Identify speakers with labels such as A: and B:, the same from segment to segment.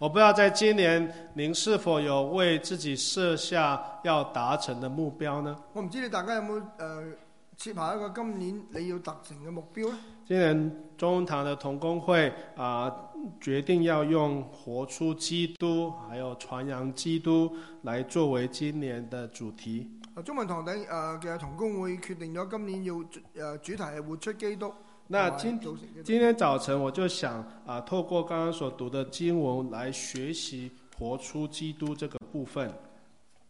A: 我不知道在今年，您是否有為自己設下要達成的目標呢？
B: 我唔知大家有冇，呃，設下一個今年你要達成嘅目標呢？
A: 今年中堂嘅同工會啊、呃，決定要用“活出基督”還有“傳揚基督”來作為今年的主題。
B: 啊，中文堂頂，嘅同工會決定咗今年要，誒，主題係活出基督。那今天，哦，今
A: 天早晨我就想啊，透過剛剛所讀的經文來學習活出基督這個部分。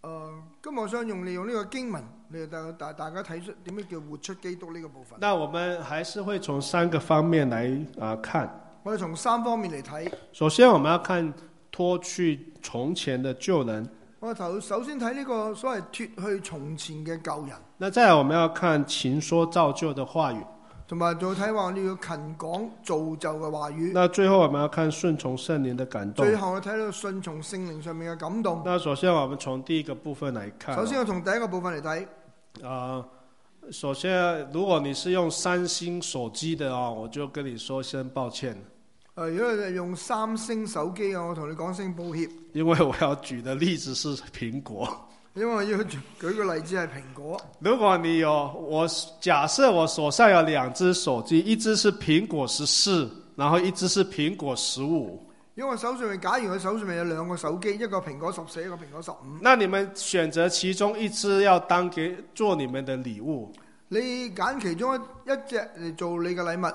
B: 呃、嗯，咁我想用利用呢個經文嚟帶大大家睇出點樣叫活出基督呢個部
A: 分。那我們還是會從三個方面來啊看。
B: 我哋從三方面嚟睇。
A: 首先，我們要看脫去從前的舊人。
B: 我頭首先睇呢個所謂脫去從前嘅舊人。
A: 那再來，我們要看情說造就的話語。
B: 同埋仲睇話，你要勤講造就嘅話語。那最後我們
A: 要看順從聖靈的感動。最後
B: 我哋睇到順從聖靈上面嘅感動。那首
A: 先我們從第一個部分嚟看。首先我從
B: 第一個部分嚟睇。啊、呃，首先
A: 如果你是用三星手機的哦，我就跟你說聲抱歉。
B: 誒、呃，如果你用三星手機嘅，我同你講聲抱歉。因為我要舉的例子是蘋果。因為要舉個例子係蘋果。如果你有，我假
A: 設我手上有兩隻手機，一隻是蘋果十四，然後一隻是蘋果十五。
B: 因為我手上面，假如我手上面有兩個手機，一個蘋果十四，一個蘋果十五。
A: 那你們選擇其中一隻要當給做你們的禮物？
B: 你揀
A: 其中一一隻嚟做你嘅禮物。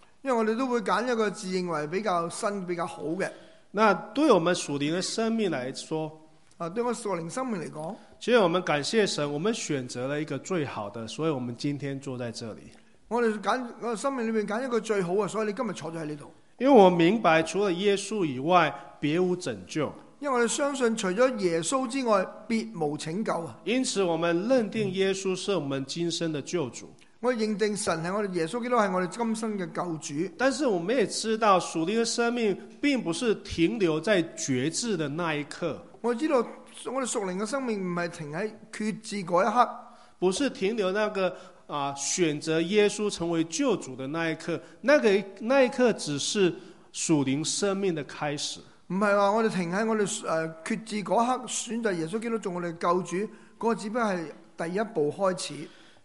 B: 因為我哋都會揀一個自認為比較新、比較好嘅。那對我們屬靈嘅生命來說，啊，對我屬靈生命嚟講，
A: 其實我們感謝神，我們選擇了一個最好的。所以我們今天坐在這裡。
B: 我哋揀我生命裏面揀一個最好嘅。所以你今日坐咗喺呢度。因為我明白，除了耶穌以外，
A: 別無拯救。
B: 因為我哋相信，除咗耶穌之外，別無
A: 拯救啊。因此，我們認定耶穌是我們今生的救主。嗯我認定神係我哋，耶穌基督係我哋今生嘅救主。但是我們也知道，屬靈嘅生命並不是停留在決志的那一刻。我
B: 知道我哋屬靈嘅生命唔係停喺決志嗰一刻，不是停留那個啊選擇耶
A: 穌成為救主的那一刻，那個那一刻只是屬靈生命的
B: 開始。唔係話我哋停喺我哋誒決志嗰刻選擇耶穌基督做我哋救主，嗰，那個只不過係第一步開始。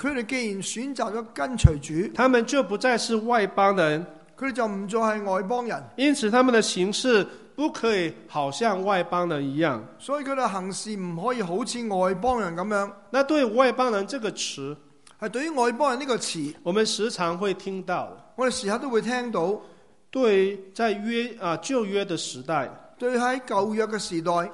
B: 佢哋既然選擇咗跟隨主，他們就不再是外
A: 邦人，佢哋就唔再係外邦人，因此他們的行事不可以好像外邦人一樣，
B: 所以佢哋行事唔可以好似外邦人咁樣。那對
A: 外邦人這個詞，係對於外邦人呢個詞，我們時常會聽到，我哋時刻都會聽到。對，在約啊舊約的時代，對喺舊約嘅時代，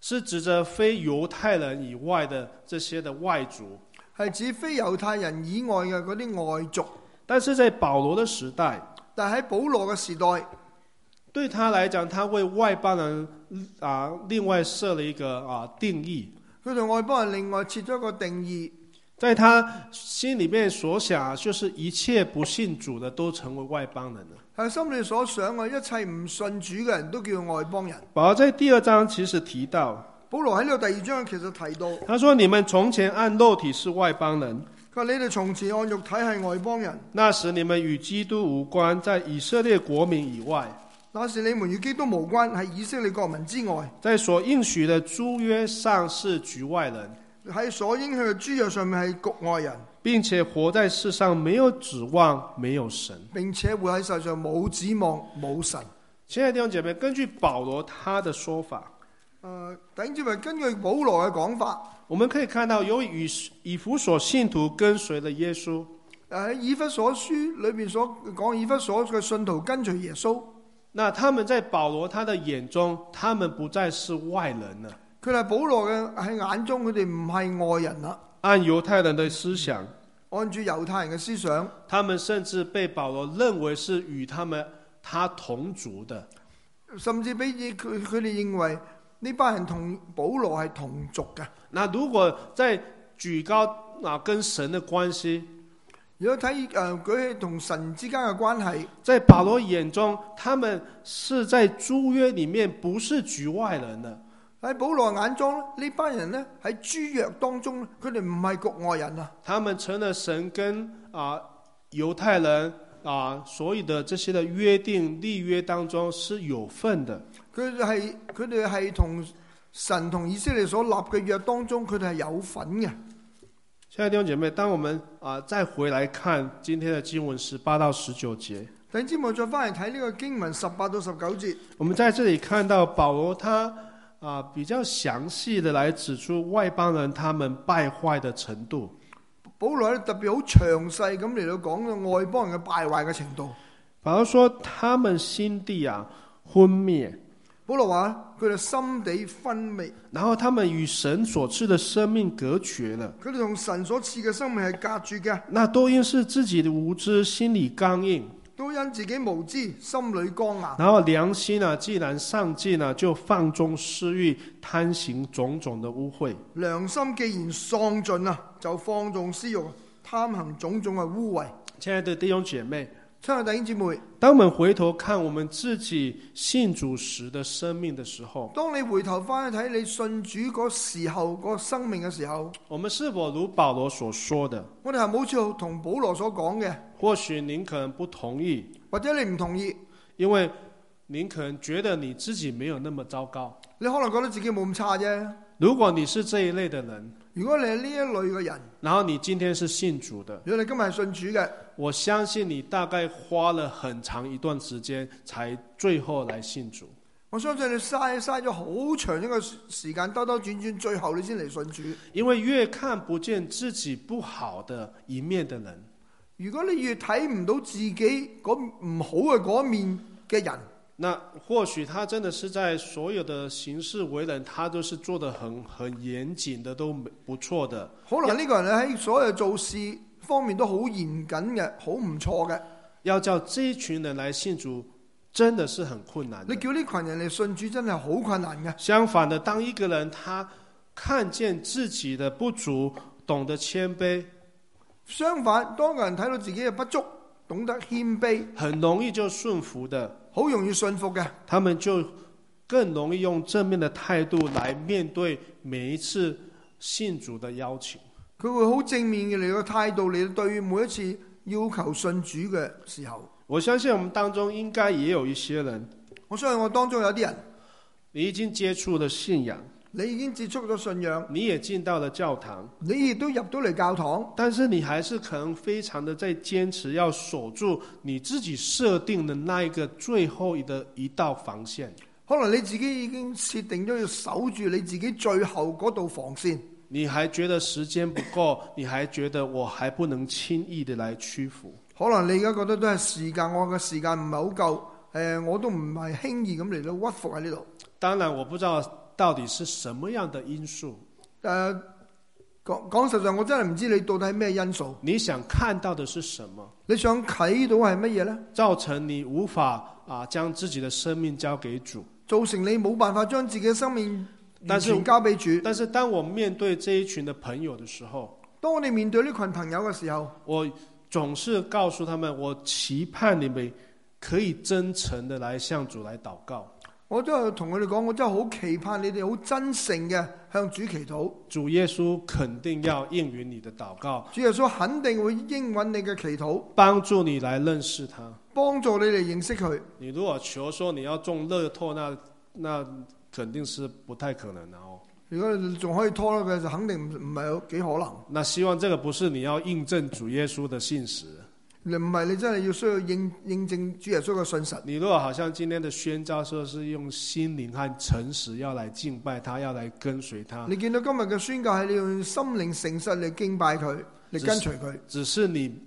A: 是指着非猶太人以外的這些的
B: 外族。係指非猶太人以外嘅嗰啲外族，但是在保羅嘅時代，但喺保羅嘅時代，對他嚟講，他為外邦人
A: 啊另外設了一個啊定義。佢同外邦人另外設咗一個定義，在他心裏面所想，就是一切不信主的都成為外邦人。
B: 喺心裏所想嘅一切唔信主嘅人都叫外邦人。
A: 保羅在第二章其實提到。
B: 保羅喺呢個第二章其實提到，
A: 他說你們從前按肉體是外邦人。
B: 佢話你哋從前按肉體係外邦人。
A: 那時你們與基督無關，在以色列國民以外。
B: 那時你們與基督無關，係以色列國民之外。
A: 在所應許的諸約上是局外人。
B: 喺所應許
A: 嘅諸約上面係局外人，並且活在世上沒有指望，沒有神，
B: 並且活喺世上冇指望冇神。親愛的弟兄姐妹，根據保羅他的說法。誒，等住為根據保羅嘅講法，我們可以看到由以
A: 以弗所信徒跟隨了耶穌。誒喺以弗所書裏面所
B: 講，以弗所嘅信徒跟隨耶穌，那他們在保羅他的眼中，他們不再是外人啦。佢係保羅嘅喺眼中，佢哋唔係外人啦。按猶太人的思想，按住猶太人嘅思想，
A: 他們甚至被保羅認為是與他
B: 們他
A: 同族的，
B: 甚至俾佢佢哋認為。呢班人同保羅係同族嘅。那如果在舉高啊跟神的關係，如果睇誒佢同神之間
A: 嘅關係，在保羅眼中，他們是在諸約裏面不，不是局外人嘅。
B: 喺保羅眼中，呢班人咧喺諸約當中，佢哋唔係局外人啊。他們
A: 成了神跟啊、呃、猶太人啊、
B: 呃，所以的這些的約定立約當中是有份的。佢哋係佢哋係同神同以色列所立嘅約當中，佢哋係有份嘅。
A: 親愛的弟兄姐妹，當我們啊、呃、再回來看今天的經文十八到十九節，等住我再翻嚟睇呢個經文十八到十九節。我們在這裏看到保羅他，他、呃、啊比較詳細的來指出外邦人他們敗壞的程度。
B: 保羅特別好詳細咁嚟到講外邦人嘅敗壞嘅程度。保羅說，他們心地啊昏昧。保羅話：佢哋心地昏昧，
A: 然後他們與神所賜的生命隔絕了。佢哋同神所賜嘅生命係隔住嘅。那都因是自己嘅無知，心裏剛硬。
B: 都因自己無知，心裏剛硬。
A: 然後良心啊，既然喪盡啦，就放縱私欲，貪行種種嘅污穢。
B: 良心既然喪盡啊，就放縱私欲，貪行種種嘅污穢。啊、種種污
A: 穢，親愛的弟兄姐妹。親愛的弟兄姊妹，當我們回頭看我們自己信主時的生命的時
B: 候，當你回頭翻去睇你信主嗰時候，嗰個生命嘅時候，我們是否如保羅所說的？我哋係冇錯同保羅所講嘅。或許您可能不
A: 同意，或者你唔同意，因為您可能覺得你自己沒有那麼糟糕。你可能覺得自己冇咁差啫。如果你是這一類的人，如果你係呢一類嘅人，然後你今天是信主的，如果你今日係信主嘅，我相信你大概花了很長一段時間，才最後來信主。
B: 我相信你嘥嘥咗好長一個時間兜兜轉轉，轉轉，最後你先嚟信主。因為越看不見自己不好的一面的人，如果你越睇唔到自己唔好嘅嗰面
A: 嘅人。那或許他真的是在所有的行事為人，他都是做得很很嚴謹的，都不錯的。很可能呢個人
B: 喺所有做事方面都好嚴謹嘅，好唔錯嘅。要叫這群人嚟信主，真的是很困難的。你叫呢群人嚟信主，真係好
A: 困難嘅。相反的，當一個人他看見自己的不足，懂得謙卑。相反，當個人睇到自己嘅不足，懂得謙卑，很容易就順服的。好容易信服嘅，他們就更容易用正面的態度來面對每一次信主的邀請。
B: 佢會好正面嘅，嚟個態度嚟對於每一次要求信主嘅時候。我相信我們當中應該也有一些人，我相信我當中有啲人，你
A: 已經接觸了信仰。你已經接觸咗信仰，你也進到了教堂，你亦都入到嚟教堂。但是你還是可能非常的在堅持，要守住你自己設定的那一個最後的一道防線。可能你自己已經設定咗要守住你自己最後嗰道防線。你還覺得時間不夠？ 你還覺得我還不能輕易的來屈服？
B: 可能你而家覺得都係時間，我嘅時間唔係好夠。誒、呃，我都唔係輕易咁嚟到屈服喺呢度。當然，我不知道。到底是什麼樣的因素？誒、呃，講講實
A: 在，我真係唔知你到底係咩因素。你想看到的是什麼？你想睇到係乜嘢呢？造成你無法啊，將自己的生命交給主，造成你冇辦法將自己嘅生命完全交俾主但。但是當我面對這一群的朋友的時候，當我哋面對呢群朋友嘅時候，我總是告訴他們，我期盼你們可以真誠的來向主來禱告。我都係同佢哋講，我真係
B: 好期盼你哋好真誠嘅向主祈禱。主耶穌肯定要應允你的禱告。主耶穌肯定會應允你嘅祈禱，幫助你來認識他，
A: 幫助你哋認識佢。你如果求說你要中樂透，那那肯定是不太可能嘅
B: 哦，如果你仲可以拖呢個，就肯定唔唔係幾可能。
A: 那希望這個不是你要印證主耶穌的信實。
B: 你唔係你真係要需要認
A: 認證主耶穌嘅信實。你如果好像今天的宣教說是用心靈和誠實要來敬拜他，要來跟隨他。
B: 你見到今日嘅宣教係
A: 你用心靈誠實
C: 嚟
B: 敬拜佢，嚟跟隨佢。
A: 只是你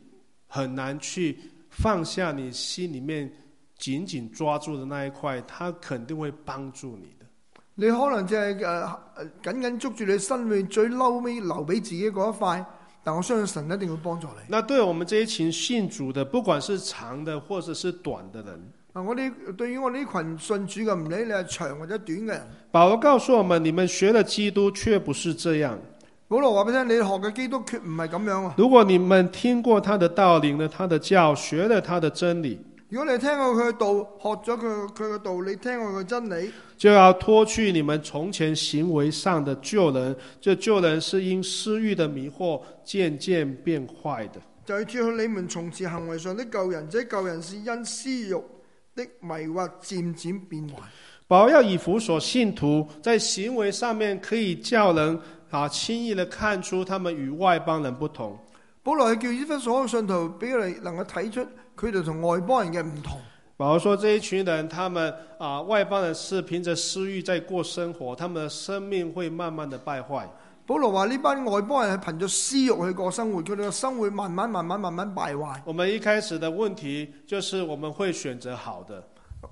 A: 很難去放下你心裏面緊緊抓住的那一塊，他肯定會幫助你的。
B: 你可能即係誒緊緊捉住你心裏最嬲尾留俾自己嗰一塊。但我相信神一定會幫助你。那對我們這一群信主的，不管是長的
A: 或者是短的人，啊，我呢
B: 對於我呢群信主嘅唔理你係長或者短嘅
A: 人，保羅告訴我們，你們學了基督卻不是這樣。
B: 保羅話俾你聽，你學嘅基督卻唔係咁樣啊。
A: 如果你們聽過他的道理呢，他的教學，了他的真理。
B: 如果你聽過佢嘅道，學咗佢佢嘅道，你聽過佢嘅真理，
A: 就要脫去你們從前行為上嘅舊人，這舊人是因私欲嘅迷惑漸漸變壞的。
B: 就要脫去你們從前行為上的舊人，這舊人是因私欲的迷惑漸漸變壞。你漸
A: 漸變保羅要以弗所信徒在行為上面可以叫人啊輕易的看出他們與外邦人不同。保羅係叫以弗所嘅信徒俾佢哋能夠睇出。佢哋同外邦人嘅唔同，保羅說，這一群人，他們啊、呃，外邦人是憑着私欲在過生活，他們的生命會慢慢的敗壞。保羅話：呢班外邦人係憑着
B: 私欲去過生活，佢哋嘅生活慢慢、慢慢、慢慢敗壞。我們一開始的問題就是我們會選擇好的。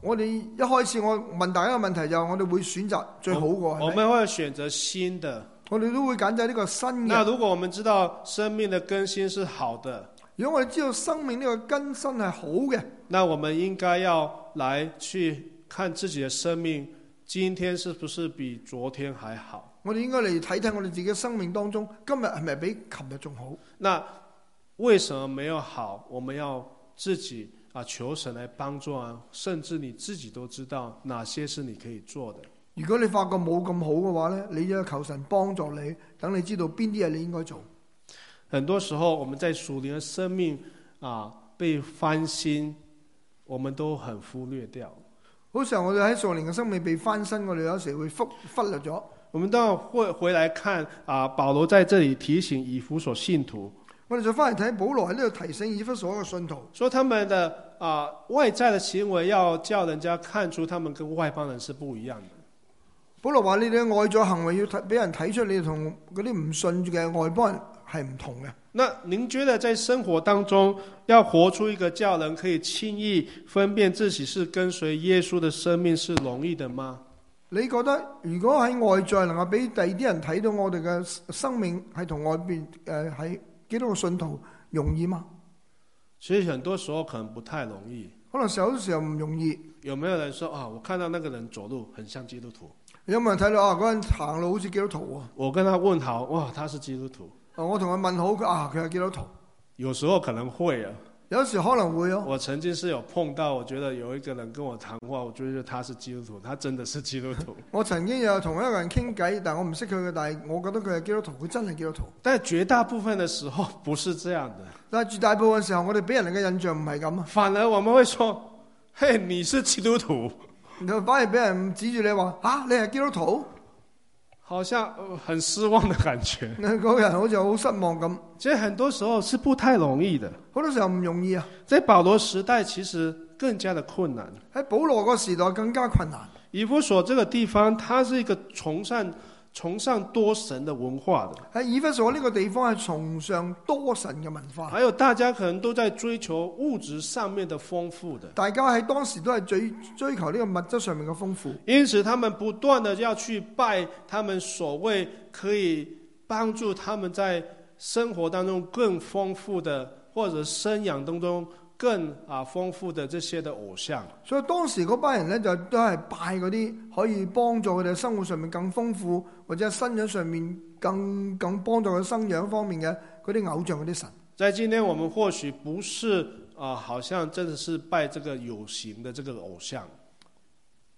B: 我哋一開始我問大家一個問題就：我哋會選擇最好嘅？嗯、是不是？我們會選擇新的。我哋都會揀擇呢個新嘅。那如果我們知
A: 道生命的更新是好的？如果我哋知道生命呢個根深係好嘅，那我們應該要來去看自己嘅生命，今天是不是比昨天還好？
B: 我哋應該嚟睇睇我哋自己的生命當中，今日係咪比琴日仲好？
A: 那為什麼沒有好？我們要自己啊求神來幫助啊，甚至你自己都知道哪些是你可以做的。
B: 如果你發覺冇咁好嘅話咧，你要求神幫助你，等你知道邊啲嘢你應該做。
A: 很多時候我們在屬靈的生命被啊被翻新，我們都很忽略掉。好時候，我哋喺屬靈嘅生命被翻新，我哋有時候會忽忽略咗。我們都會回來看啊，保羅在這裏提醒以弗所信徒。我哋就翻嚟睇保羅喺呢度提醒以弗所嘅信徒，所以，他們的啊外在的行為要叫人家看出他們跟外邦人是不一樣的。
B: 保羅話：你哋外在行為要睇俾人睇出你同嗰啲唔信嘅外邦人。係唔同嘅。
A: 那您覺得在生活當中，要活出一個叫人可以輕易分辨自己是跟隨耶穌的生命，是容易的嗎？
B: 你覺得如果喺外在能夠俾第二啲人睇到我哋嘅生命，係同外邊誒喺基督徒信徒容易嗎？
A: 其實很多時候可能不太容易。可能有啲時候唔容易。有沒有人說啊、哦？我看到那個人走路很像基督徒。
B: 有冇人睇到啊？嗰人行路好似基督徒啊？我跟他問好，哇，他是基督徒。我同佢問好，佢啊佢係基督徒。有時候可能會啊，有時可能會啊。我曾經是
A: 有碰到，我覺得有一個人跟我談話，我覺得佢係基督徒，他真的是基督徒。
B: 我曾經有同一個人傾偈，但我唔識佢嘅，但係我覺得佢係基督徒，佢真係基督徒。但係絕大部分嘅時候不是這樣的。但係絕大部分時候，我哋俾人嘅印象唔係咁啊。反而我們會說：嘿，你是基督徒，然 後反而俾人指住你話：啊，你係基督徒。好像、
A: 呃、很失望的感覺，那個
B: 人好像好失望咁。其實很多時候是不太容易的，好多時候唔容易啊。在保羅時代，其
A: 實更加的困難。喺保羅個時代更加困難。以弗所這個地方，它是一個崇尚。崇尚多神的文化的，喺以弗所呢個地方係
B: 崇尚多神嘅文化，還有大家可能都在追求物質上面的豐富的，大家喺當時都係追追求呢個物質上面嘅豐富，因此他們不斷
A: 的要去拜他們所謂可以幫助他們在生活當中更豐富的或者生養當中。更啊豐富的這些的偶像，
B: 所以當時嗰班人咧就都係拜嗰啲可以幫助佢哋生活上面更豐富，或者生養上面更更幫助佢生養方面嘅嗰啲偶像、嗰啲神。
A: 在今天，我們或許不是啊，好像真的是拜這個有形的這個偶像。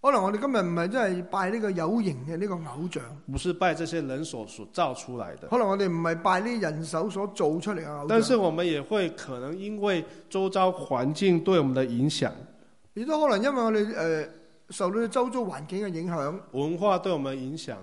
B: 可能我哋今日唔係真係拜呢個有形嘅呢個偶像，
A: 唔是拜這些人所所造出來的。可
B: 能我哋唔係拜啲人手所造出嚟嘅偶像。但是我們
A: 也會可能因為周遭環境對我們的影響，
B: 亦都可能因為我哋誒、呃、受到周遭環境嘅影響，文化對我們影響，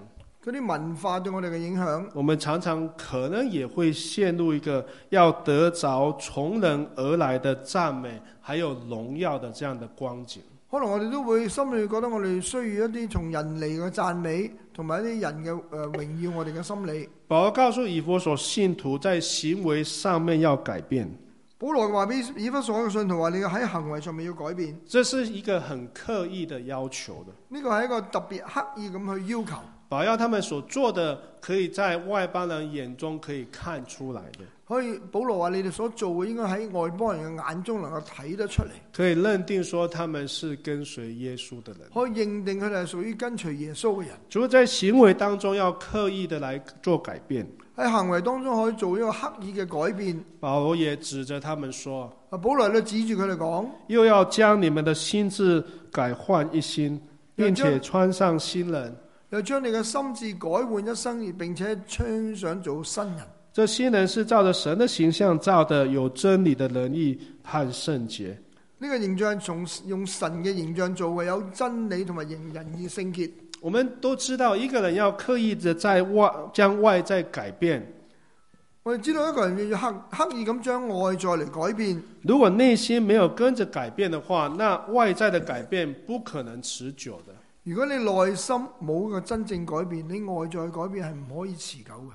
B: 嗰啲文化對我哋嘅影響，我
A: 們常常可能也會陷入一個要得着從人而來的讚美，還有榮耀的這樣的光景。
B: 可能我哋都會心裏覺得我哋需要一啲從人嚟嘅讚美，同埋一啲人嘅誒榮耀我哋嘅心理。
A: 保羅告訴以弗所信徒，在行為上面要改變。
B: 保羅話俾以弗所嘅信徒話：你要喺行為上面要改變。這是一個很刻意嘅要求嘅。呢個係一個特別刻意咁去要求。
A: 保羅他們所做的，可以在外邦人眼中可以看出來的。
B: 可以，保羅話：你哋所做嘅應該喺外邦人嘅眼中能夠睇得出嚟，
A: 可以認定說他們是跟隨耶穌的人。
B: 可以認定佢哋係屬於跟隨耶穌嘅人。
A: 主要在行為當中要刻意的來做改變，
B: 喺行為當中可以做一
A: 個刻意嘅改變。保羅也指着他們說：啊，保羅都指住佢哋講，又要將你們的心志改換一新，並且穿上新人。
B: 又將你嘅心智改換一新，並且穿上做新人。這新人
A: 是照着神的形象造的，照有真理的仁義和聖潔。
B: 呢個形象從用神嘅形象做嘅，有真理同埋仁仁義聖潔。我們都知道，一個人要刻意地在外將外在改變。我哋知道一個人要刻刻意咁將外在嚟改變。如果內心沒有跟着改變
A: 的話，那外在的改變不可能持久的。
B: 如果你內心冇個真正改變，你外在改變係唔可以持久嘅。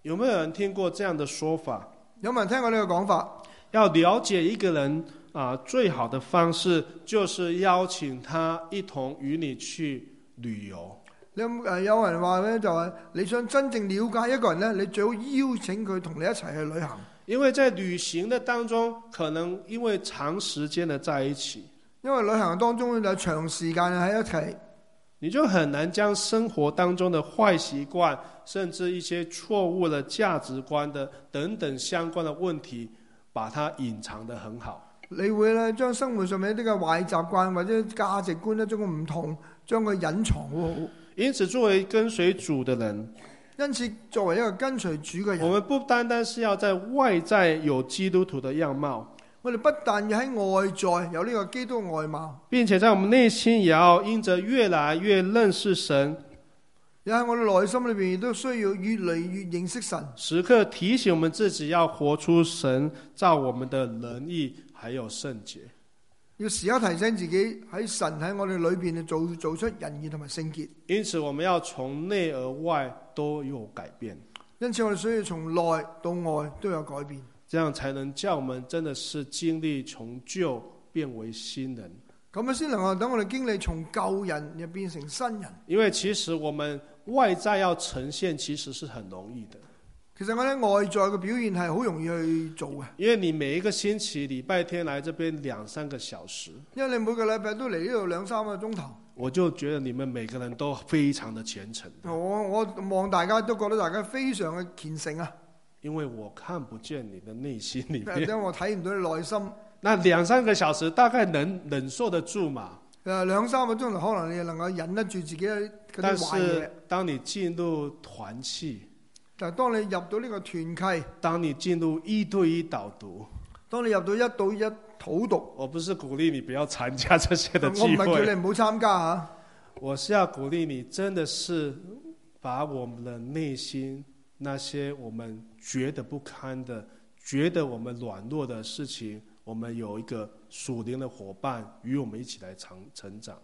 B: 有冇有人聽過這樣的
A: 說法？有冇人聽過呢個講法？要了解一個人啊、呃，最好的方式就是邀請他一同與你去旅遊。
B: 你有有人話咧，就係你想真正了解一個人咧，你最好邀請佢同你一齊去旅行。
A: 因為在旅行的當中，可能因為長時間的在一起，
B: 因為旅行當中你就長時間喺一齊。你就很難將生
A: 活當中的壞習慣，甚至一些錯誤的價值觀的等等相關的問題，把它隱藏得很好。
B: 你會呢，將生活上面一啲嘅壞習慣或者價值觀呢，將個唔同，將佢隱藏好好。因此，作為跟隨主的人，因此作為一個跟隨主嘅人，我們不單單是
A: 要在外在有基督徒的樣貌。
B: 我哋不但要喺外在有呢個基督嘅外貌，
A: 並且在我們內心也要因着越來越認識神，
B: 也喺我哋內心裏邊亦都需要越嚟越認識神，
A: 時刻提醒我們自己要活出神，在我們的仁義還有聖潔，
B: 要時刻提醒自己喺神喺我哋裏邊做做出仁義同埋聖潔。因此我們要從內而外都有改變，因此我哋需要從內到外
A: 都有改變。這樣才能叫我們真的是經歷從舊變為新人，咁啊先能夠等我哋經歷從舊人又變成新人。因為其實我們外在要呈現其實是很容易的。其實我哋外在嘅表
B: 現係好容易去做嘅。
A: 因為你每一個星期禮拜天來這邊兩三個小時，
B: 因為你每個禮拜都嚟呢度兩三個鐘頭，我就覺得你們每個人都非常的虔誠。我我望大家都覺得大家非常嘅虔誠啊。因為我看不見你的內心裏面，因為我睇唔到你內心。那兩三個小時大概能
A: 忍受得住嘛？
B: 呃，兩三個鐘頭可能你能夠忍得住自己嗰啲壞嘢。但是，當你進入團契，但當你入到呢個團契，當
A: 你進入一對一導讀，當你入到一對一討讀，我不是鼓勵你不要參加這些的聚會。我唔係叫你唔好參加吓，我是要鼓勵你，真的是把我們的內心那些我們。覺得不堪的，覺得我們軟弱的事情，我們有一個屬靈的夥伴與我們一起來成成長。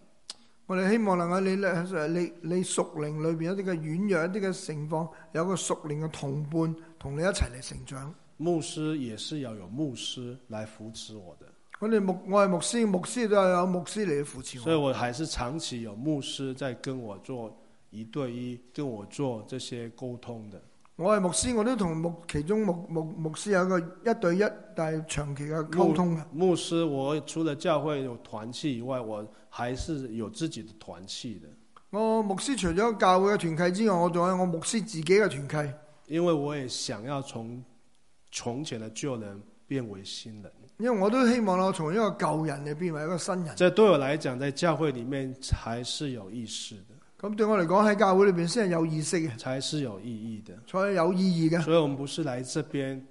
B: 我哋希望能喺你你你你屬靈裏邊一啲嘅軟弱，一啲嘅情況，有個屬靈嘅同伴同你一齊嚟成長。
A: 牧師也是要有牧師來扶持我的。
B: 我哋牧我係牧師，
A: 牧師都係有牧師嚟扶持我。所以我還是長期有牧師在跟我做一對一，跟我做這些溝通的。
B: 我係牧師，我都同牧其中牧牧牧師有一個一對一，但係長期嘅溝通嘅。
A: 牧師，我除了教會有團契以外，我還是有自己的團契的。
B: 我牧師除咗教會嘅團契之外，我仲有我牧師自己嘅團契。因為我也想要從
A: 從前嘅舊人變為新人。
B: 因為我都希望我從一個舊人嚟變為一個新人。
A: 即係對我嚟講，在教會裡面才是有意思的。
B: 咁對我嚟講，喺教會裏邊先係有意識嘅，才是有意義嘅，所以有意義嘅。所以，我們不是來這邊。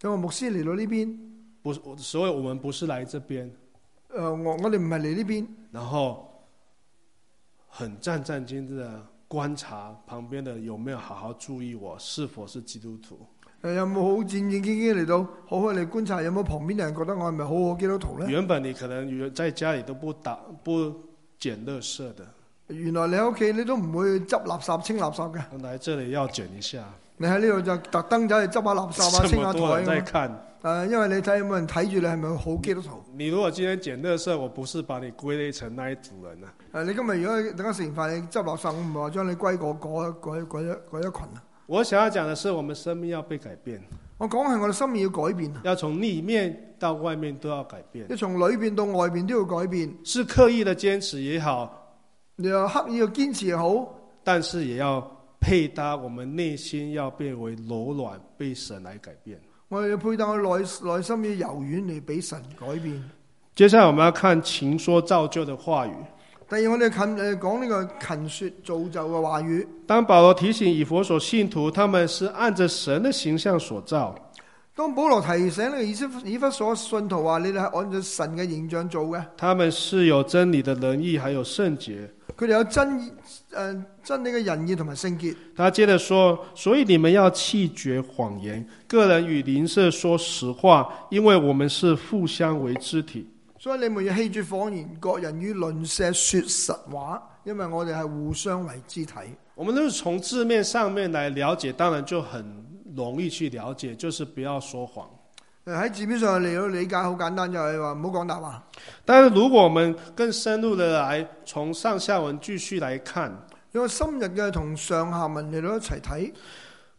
A: 咁我牧師嚟到呢邊，不是，所以我們不是來這邊咁，呃、我牧師嚟到呢邊，所以我們不是來這邊誒，我我哋唔係嚟呢邊。然後，很戰戰兢兢嘅觀察旁邊嘅，有沒有好好注意我，是否是基督徒？
B: 誒、呃，有冇好戰戰兢兢嚟到，好好嚟觀察有冇旁邊嘅人覺得我係咪好好基督徒咧？原
A: 本你可能原在家裏都不打不撿垃圾的。
B: 原來你喺屋企你都唔會執垃圾清垃圾嘅。我來這裏要撿一下。你喺呢度就特登走去執下垃圾啊，清下台啊。咁多人在看。誒、啊，因為你睇有冇人睇住你，係咪好基督徒？
A: 你如果今天撿垃圾，我不是把你歸類成那一組人啊。
B: 誒、啊，你今日如果等下食完飯執垃圾，我唔係話將你歸過一一一群啊。我想要講的是，我們生命要被改變。我講係我嘅生命要改變啊，要從裏面到外面都要改變。要從裏邊到外邊都要改變。是刻意的堅持也好。你要刻意要堅持好，
A: 但是也要配搭，我們內心要變為柔軟，被神來改變。
B: 我哋要配搭，我內內心要柔軟嚟，俾神改變。
A: 接下來我們要看情說造就的話語。
B: 第二，我哋近誒，講呢個勤說造就嘅話語。
A: 當保羅提醒以弗所信徒，他們是按着神嘅形象所造。
B: 當保羅提醒呢，以弗以弗所信徒話，你哋係按照神嘅形象做嘅。
A: 他們是有真理嘅仁義，還有聖潔。
B: 佢哋有真誒、呃、
A: 真理嘅仁義同埋聖潔。他接着說，所以你們要棄絕謊言，各人與鄰舍說實話，因為我們是互相為肢體。
B: 所以你們要棄絕謊言，各人與鄰舍說實話，因為我哋係互相為肢體。們我，們
A: 肢體我們都是從字面上面來了解，當然就很容易去了解，就是不要說謊。
B: 喺字面上嚟到理解好簡，簡單，就係話唔好講大話。
A: 但係如果我們更深入的來從上下文繼續來看，因為深入嘅同上下文嚟到一齊睇，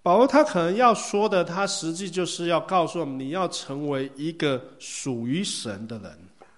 A: 保羅他可能要說的，他實際就是要告訴我們，你要成為一個屬於神的人。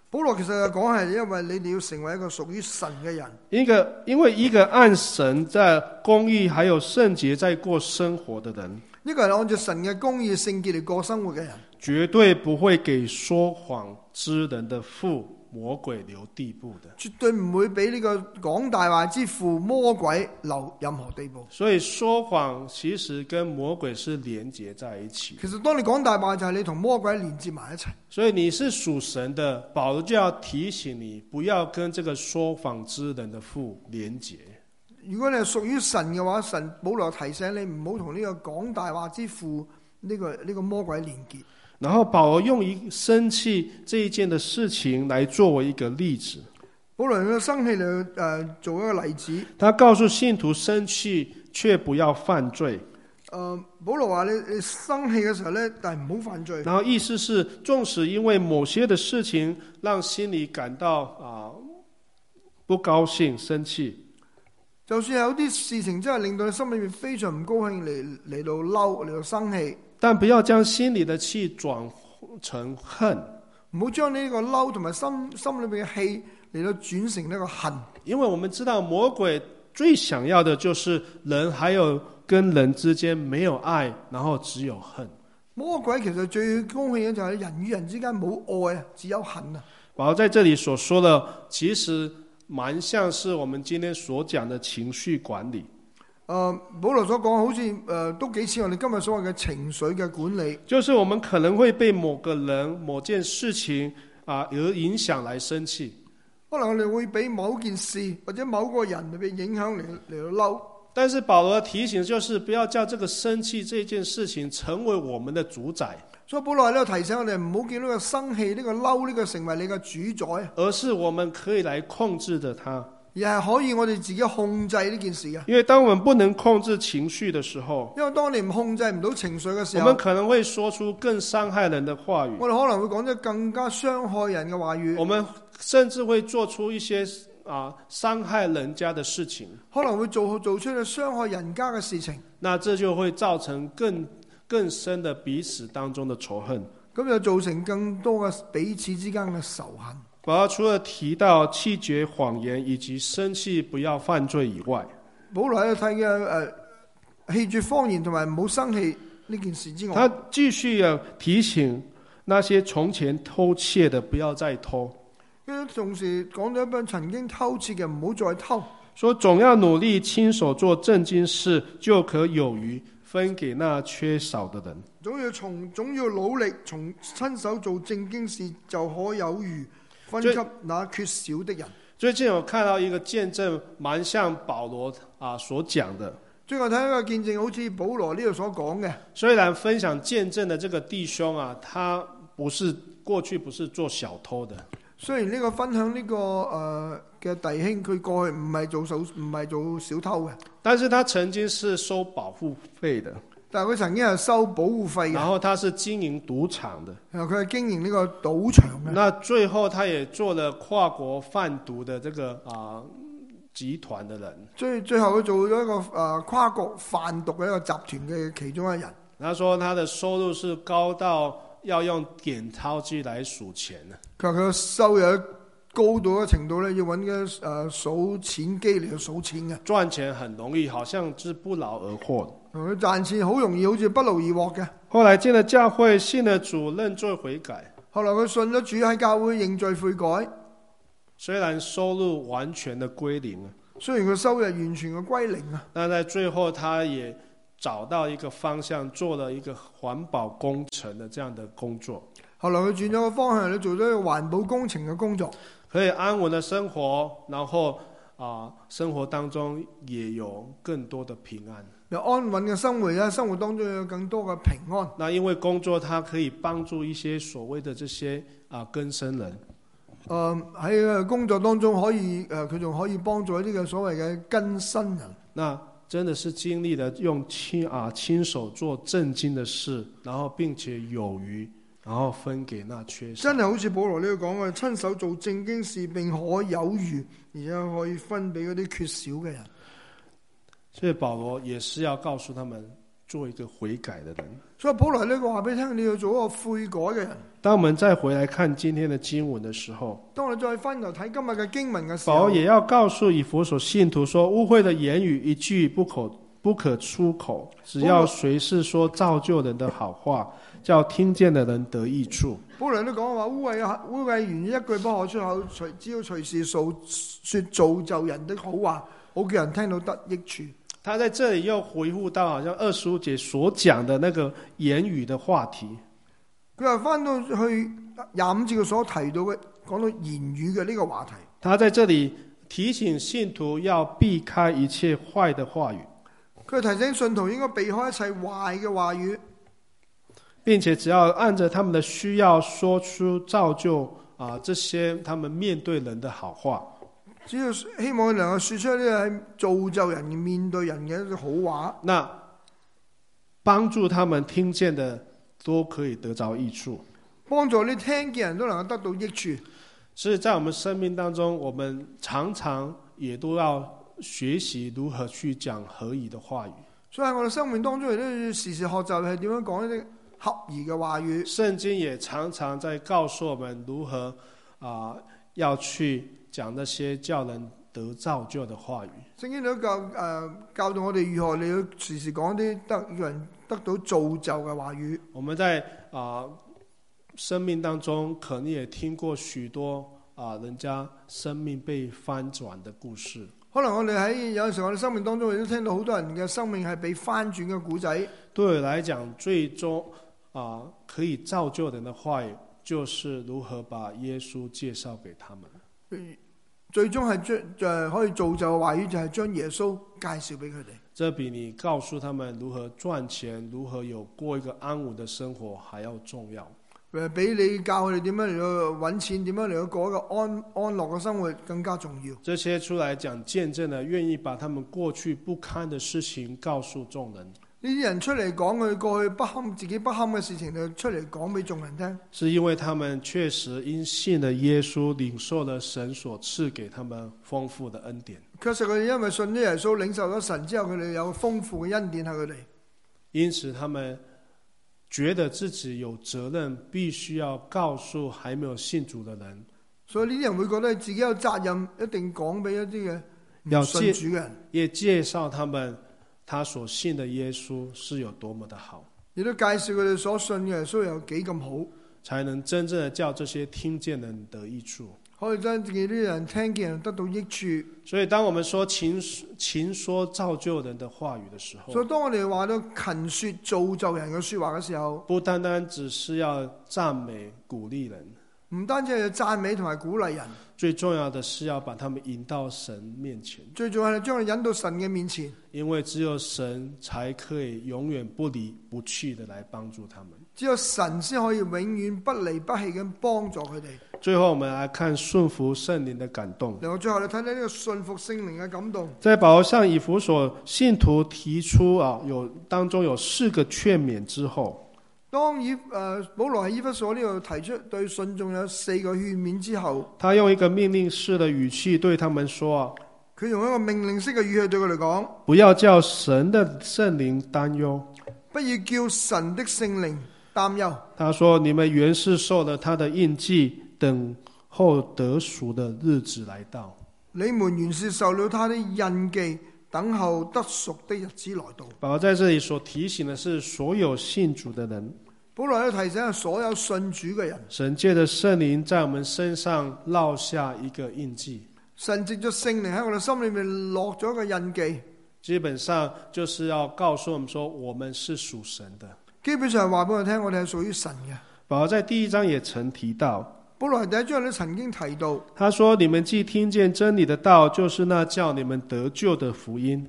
B: 保羅其實講係因為你哋要成為一個屬於神嘅人，
A: 一個因為一個按神在公義還有聖潔在過生活的人。
B: 呢個係按照神嘅公義聖潔嚟過生活嘅人，
A: 絕對不會給說謊之人的父魔鬼留地步的。
B: 絕對唔會俾呢個講大話之父魔鬼留任何地步。
A: 所以說謊其實跟魔鬼是連接在一起。其
B: 實當你講大話，就係、是、你同魔鬼連接埋一齊。
A: 所以你是屬神的，保就要提醒你不要跟這個說謊之人的父連接。
B: 如果你係屬於神嘅話，神保羅提醒你唔好同呢個講大話之父呢、呢個呢、呢個魔鬼連結。
A: 然後保羅用以生氣這一件嘅事情嚟，作為一個例子。
B: 保羅用生氣嚟，誒做一個例子。
A: 他告訴信徒生氣，卻不要犯罪。誒、
B: 呃，保羅話、啊、你你生氣嘅時候咧，但係唔好犯罪。然後意
A: 思是，縱使因為某些嘅事情，讓心裏
B: 感到啊、呃、不高興、生氣。就算有啲事情真係令到你心裏面非常唔高興，嚟，嚟到嬲，嚟到生氣，
A: 但不要將心裏的氣轉成恨，
B: 唔好將呢個嬲同埋心，
A: 心裏面嘅氣嚟到轉成呢個恨。因為我們知道魔鬼最想要嘅就是人還有跟人之間沒有愛，然後只有恨。
B: 魔鬼其實最高興嘅就係人與人之間冇愛，只有恨啦。
A: 我在這裏所說的，其實。蠻像是我們今天所講的情緒管理。
B: 呃，保羅所講好似誒都幾似我哋今日所謂嘅情緒嘅管理，
A: 就是我們可能會被某個人、某件事情啊而影響來生氣，
B: 可能我哋會俾某件事或者某個人嚟影響你嚟到嬲。
A: 但是保羅提醒，就是不要叫這個生氣這件事情成為我們的主
B: 宰。所以本來呢個提醒我哋唔好見到個生氣，呢個嬲，呢個成為你嘅主宰。而是我們可以來控制着它。而係可以我哋自己控制呢件事嘅。因為
A: 當我們不能控制情緒的時候，
B: 因為當你控制唔到情緒嘅時候，我們可能會
A: 說出更傷害人的話語。
B: 我哋可能會講咗更加傷害人嘅話語。我們
A: 甚至會做出一些啊傷害人家的事情。可能會做做出去傷害人家嘅事情。那這就會造成更。更深的彼此當中的仇恨，
B: 咁就造成更多嘅彼此之間嘅仇恨。
A: 保羅除了提到棄絕謊言以及生氣不要犯罪以外，
B: 保羅喺度睇嘅誒，呃、棄絕謊言同埋唔好生氣呢件事之外，他繼
A: 續要提醒那些從前偷竊的「不要再偷」，
B: 跟住同時講咗一篇曾經偷竊嘅唔好再偷，
A: 說總要努力親手做正經事就可有餘。分給那缺少的人。
B: 總要從，總要努力，從親手做正經事，就可有餘，分給那缺少的人。所
A: 以最近我看到一個見證，蠻像保羅啊所講的。最後睇一個見證，好似
B: 保羅呢度所講嘅。
A: 雖然分享見證的這個弟兄啊，他不是過去不是做小偷的。
B: 雖然呢個分享呢、這個誒嘅、呃、弟兄，佢過去唔係做小唔係做小偷嘅，但是他曾經是收保護費的。但係佢曾經係收保護費嘅。然後他
A: 是經營賭場的。
B: 然後佢係經營呢個賭場嘅、
A: 嗯。那最後他也做了跨國販毒的這個啊、呃、集團的人。
B: 所以最後佢做咗一個誒、呃、跨國販毒嘅一個集團嘅其中一人。佢話，說他的收入是
A: 高到。要用點鈔機來數錢啦。
B: 佢佢收入高度嘅程度咧，要搵嘅誒數錢機嚟去數錢嘅。賺錢很容易，好像是不勞而獲。佢賺錢好容易，好似不勞而獲嘅。後來進了教會，信了主，認罪悔改。後來佢信咗主喺教會認罪悔改。
A: 雖然收入完全嘅歸零啊，雖然佢收入完全嘅歸零啊，但係最後他也。找到一個方向，做了一個環保工程的這樣的工作。
B: 後來佢轉咗個方向，佢做咗一個環保工程嘅工作，
A: 可以安穩的生活，然後啊、呃，生活當中也有更多的平安。
B: 有安穩嘅生活啊，生活當中有更多嘅平安。那因為工
A: 作，它可以幫助一些所謂的這些啊更、呃、生人。
B: 嗯、呃，喺工作當中可以，誒、呃，佢仲可以幫助一啲嘅所謂嘅更生人嗱。
A: 真的是經歷了用親啊親手做正經的事，然後並且有餘，然後分給那缺失。真的，好
B: 似保羅呢個講嘅，親手做正經事，並可有餘，然後可以分俾嗰啲缺少嘅人。
A: 所以保羅也是要告訴他們。做一個悔改的人，
B: 所以保羅呢句話俾你聽，你要做一個悔改嘅人。
A: 當我們再回來看今天的經文嘅時候，
B: 當我哋再翻頭睇今日嘅經文嘅時候，保也
A: 要告訴以弗所信徒說：污穢的言語一句不可不可出口，只要隨時說造就人的好話，叫聽見的人得益處。
B: 保羅都講話污穢嘅污穢言語一句不可出口，隨只要隨時說說造就人的好話，好叫人聽到得益處。
A: 他在這裏又回復到，好像二十五節所講的那個言語的話題。佢又翻到去廿五節所提到嘅，講到言語嘅呢個話題。他在這裏提醒信徒要避開一切壞的話語。
B: 佢提醒信徒應該避開一切壞嘅話語，
A: 並且只要按照他們的需要說出造就啊這些他們面
B: 對人的好話。只要希望能夠說出呢個係造就人、面對人嘅一啲好話，那幫助他們聽見的都
A: 可以得到益處。幫助你聽見人都能夠得到益處。所以在我們生命當中，我們常常也都要學習如何去講合宜的話語。
B: 所以喺我哋生命當中，亦都要時時學習係點樣講一啲合
A: 宜嘅話語。聖經也常常在告訴我們如何啊、呃、要去。講那些叫人得造就的
B: 話語，聖經都教，誒，教導我哋如何你要時時講啲得人得到造就嘅話語。我們在
A: 啊生命當中，可能也聽過許多啊人
B: 家生
A: 命被翻轉的故事。
B: 可能我哋喺有陣時候，我哋生命當中，亦都聽到好多人嘅生命係被翻轉嘅古仔。對我嚟講，最終啊
A: 可以造就人嘅話語，就是如何把耶穌介紹給他們。
B: 最終係將誒可以造就的話語，就係將耶穌介紹俾
A: 佢哋。這比你告訴他們如何賺錢、如何有過一個安穩嘅生活還要重要。
B: 誒、呃，比你教佢哋點樣嚟搵錢、點樣嚟過一個安安樂嘅生活更加重要。
A: 這些出來講見證嘅，願意把他們過去不堪
B: 的事情告訴眾人。呢啲人出嚟講佢過去不堪、自己不堪嘅事情，就出嚟講俾眾人聽。
A: 是因為他們確實因信了耶穌，領受了神所賜給他們豐富的恩典。
B: 確實佢哋因為信咗耶穌，領受咗神之後，佢哋有豐富嘅恩典喺佢哋。因此，他們覺得自
A: 己有責任，必須要告訴還沒有信主嘅人。所以呢啲人會覺
B: 得自己有責任，一定講俾一啲嘅，
A: 有信主嘅人，也介紹他們。他所信的耶穌是有多麼的好？
B: 你都介紹佢哋所信
A: 嘅耶穌有幾咁好，才能真正地叫這些聽見人得益處？可以將
B: 自己啲人聽見得到益處。所以，當我們說勤勤說造就人的話語嘅時候，所以當我哋話到勤說造就人嘅說話嘅時候，不單單只是要讚美鼓勵人。唔單止係要讚美同埋鼓勵人，
A: 最重要的是要把他們引到神面前。最重要係將佢引到神嘅面前，因為只有神才可以永遠不離不棄的來幫助他們。
B: 只有神先可以永遠不離不棄咁幫助佢哋。
A: 最後，我們來看順服聖靈的感動。然
B: 後最後你睇睇呢個順服聖靈嘅感動。
A: 在保羅向以弗所信徒提出啊，有當中有四個勸勉之後。
B: 當保羅喺以弗所呢度提出對信眾有四個勸勉之後，
A: 他用一個命令式的語氣對他們說：
B: 佢用一個命令式嘅語氣對佢哋講，
A: 不要叫神的聖靈擔憂，
B: 不要叫神的聖靈擔憂。
A: 他說：你們原是受了他的印記，等候得贖的日子來到。
B: 你們原是受了他的印記，
A: 等候得贖的日子來到。保羅在這裏所提醒的是所有信主的人。
B: 保羅要提醒所有信主嘅人，
A: 神借的聖靈在我們身上烙下一個印記。
B: 神借咗聖靈喺我哋心裏面落咗一個印記。基本
A: 上就是要告訴我們說，我們是屬神的。
B: 基本上話俾我聽，我哋係屬於神嘅。保羅在第一章也曾提到。本來第一章你曾經提到，他
A: 說你們既聽見真理的道，就是那叫你們得救的福音。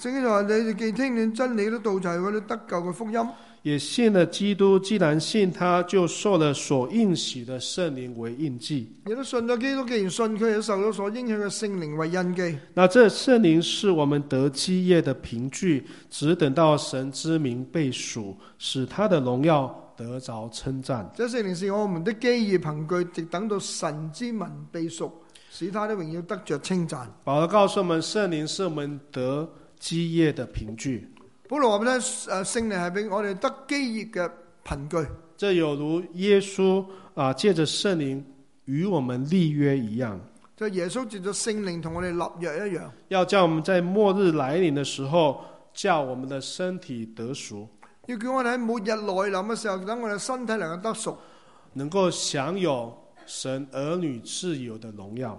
B: 正話，你既聽見真理的道，就係嗰啲得救嘅福音。
A: 也信了基督，既然信他，就受了所應許嘅聖靈為印記。
B: 你都信咗基督，既然信佢，就受咗所應許嘅聖靈為印記。
A: 那這聖靈是我們得基業的憑據，只等到神之名被數，使他的榮耀。得着稱讚。
B: 這聖靈是我們的基業憑據，直等到神之民被贖，使他的榮耀得着稱讚。
A: 保羅告訴我們，聖靈是我們得基業的憑據。保羅話俾我聽，誒，聖靈係俾我哋得基業嘅憑據。這有如耶穌啊，借着聖靈與我們立約一樣。
B: 就耶穌借咗聖靈同我哋立約一樣，
A: 要叫我們在末日來臨的時候，叫我們的身體得贖。
B: 要叫我哋喺末日來臨嘅時候，等
A: 我哋身體能夠得熟，能夠享有神兒女自由嘅榮耀，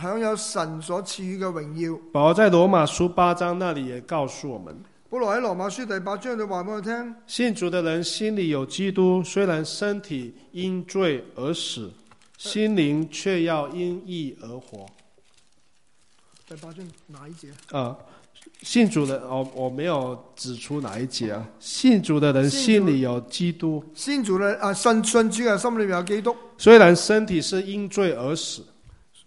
B: 享有神所賜予嘅榮耀。
A: 保羅在羅馬書八章那裏也告訴我們，
B: 保羅喺羅馬書第八章就話俾我聽：，
A: 信主的人心裏有基督，雖然身體因罪而死，心靈卻要因義而活。
B: 在八章哪一節？
A: 啊。信主的，我我沒有指出哪一節啊。信主的人心裏有基督。
B: 信主，主的啊，信信主的心裏面有基督。
A: 雖然身體是因罪而死，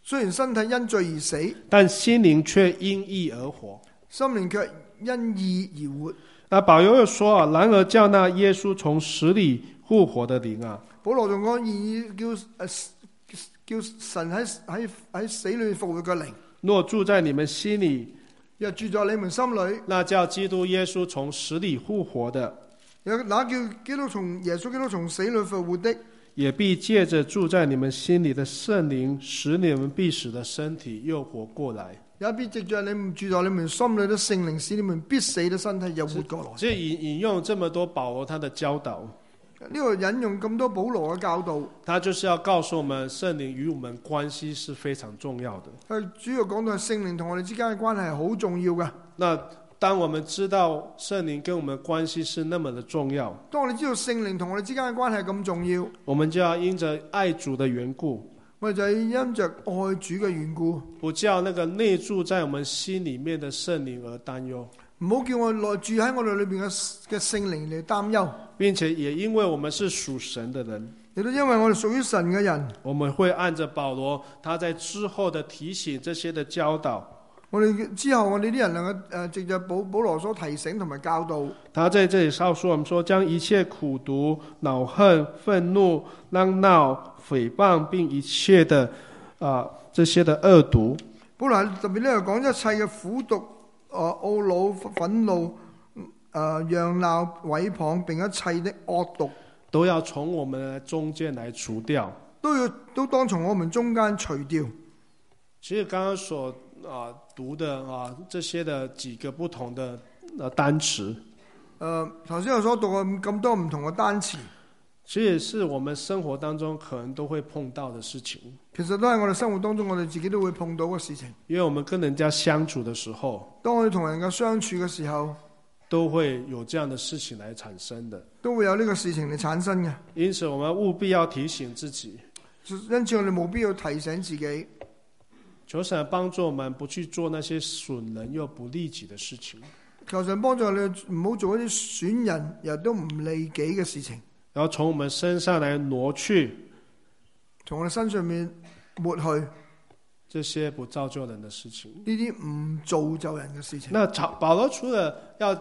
B: 雖然身體因罪而死，
A: 但心靈卻因
B: 義而活。心靈卻因義而活。
A: 那保羅又說啊，然而叫那耶穌從死裏復活的靈啊，
B: 保羅仲講，啊，叫叫神喺喺喺死裏復活個靈，
A: 若住在你們心裏。
B: 就住在你們
A: 心裏，那叫基督耶穌從死裏復活的，有那叫基督從耶穌基
B: 督從死裏復活的，
A: 也必借着住在你們心裏的聖靈，
B: 使你們必死的身體又活過來。也必借着你們住在你們心裏的聖靈，使你們必死的身體又活過
A: 來。即係引引用這麼多保羅他的教導。呢
B: 個引用咁多保羅嘅教導，
A: 他就是要告訴我們聖靈與我們關係是非常重要嘅。
B: 佢主要講到聖靈同我哋之間嘅關係係好重要嘅。那
A: 當我們知道聖靈跟我們關係是那麼的重要，
B: 當我哋知道聖
A: 靈同我哋之間嘅關係咁重要，我們就要因着愛主的緣故，我就係因着愛主嘅緣故，不叫那個內住在我們心裏面的聖靈而擔憂。唔好叫我落住喺我哋裏邊嘅嘅聖靈嚟擔憂，並且也因為我們是屬神的人，亦都因為我哋屬於神嘅人，我們會按着保羅他在之後的提醒，這些的教導，
B: 我哋之後我哋啲人能夠誒，藉、呃、着保保羅所提醒同埋教導，
A: 他在這裏稍述，少說我們說將一切苦毒、惱恨、憤怒、嚷鬧、誹謗，並一切的啊、呃、這些的惡毒。
B: 保羅特別呢度講一切嘅苦毒。啊！懊惱、呃、憤怒、啊、呃、嚷鬧、毀謗並一切的惡毒，都要從我們中間來除掉。都要都當從我們中間除
A: 掉。所以剛剛所啊、呃、讀的啊這些的幾個不同的啊、呃、單詞，啊頭先我所讀嘅咁多唔同嘅單詞，其實是我們生活當中可能都會碰到的事情。其實都係我哋生活當中，我哋自己都會碰到嘅事情。因為我們跟人家相處嘅時候，
B: 當我哋同人家相處嘅時候，都會有這樣嘅事情嚟
A: 產生嘅，
B: 都會有呢個事情嚟產生嘅。
A: 因此，我們務必要提醒自己。因此，我哋務必要提醒自己，求神幫助我們不去做那些損人又不利己嘅事
B: 情。求神幫助你唔好做啲損人又都唔利己嘅事情。然後從我們身上嚟挪去，從我哋身上面。抹去
A: 這些不造就人的事情，呢啲唔造就人嘅事情。那查保羅除了要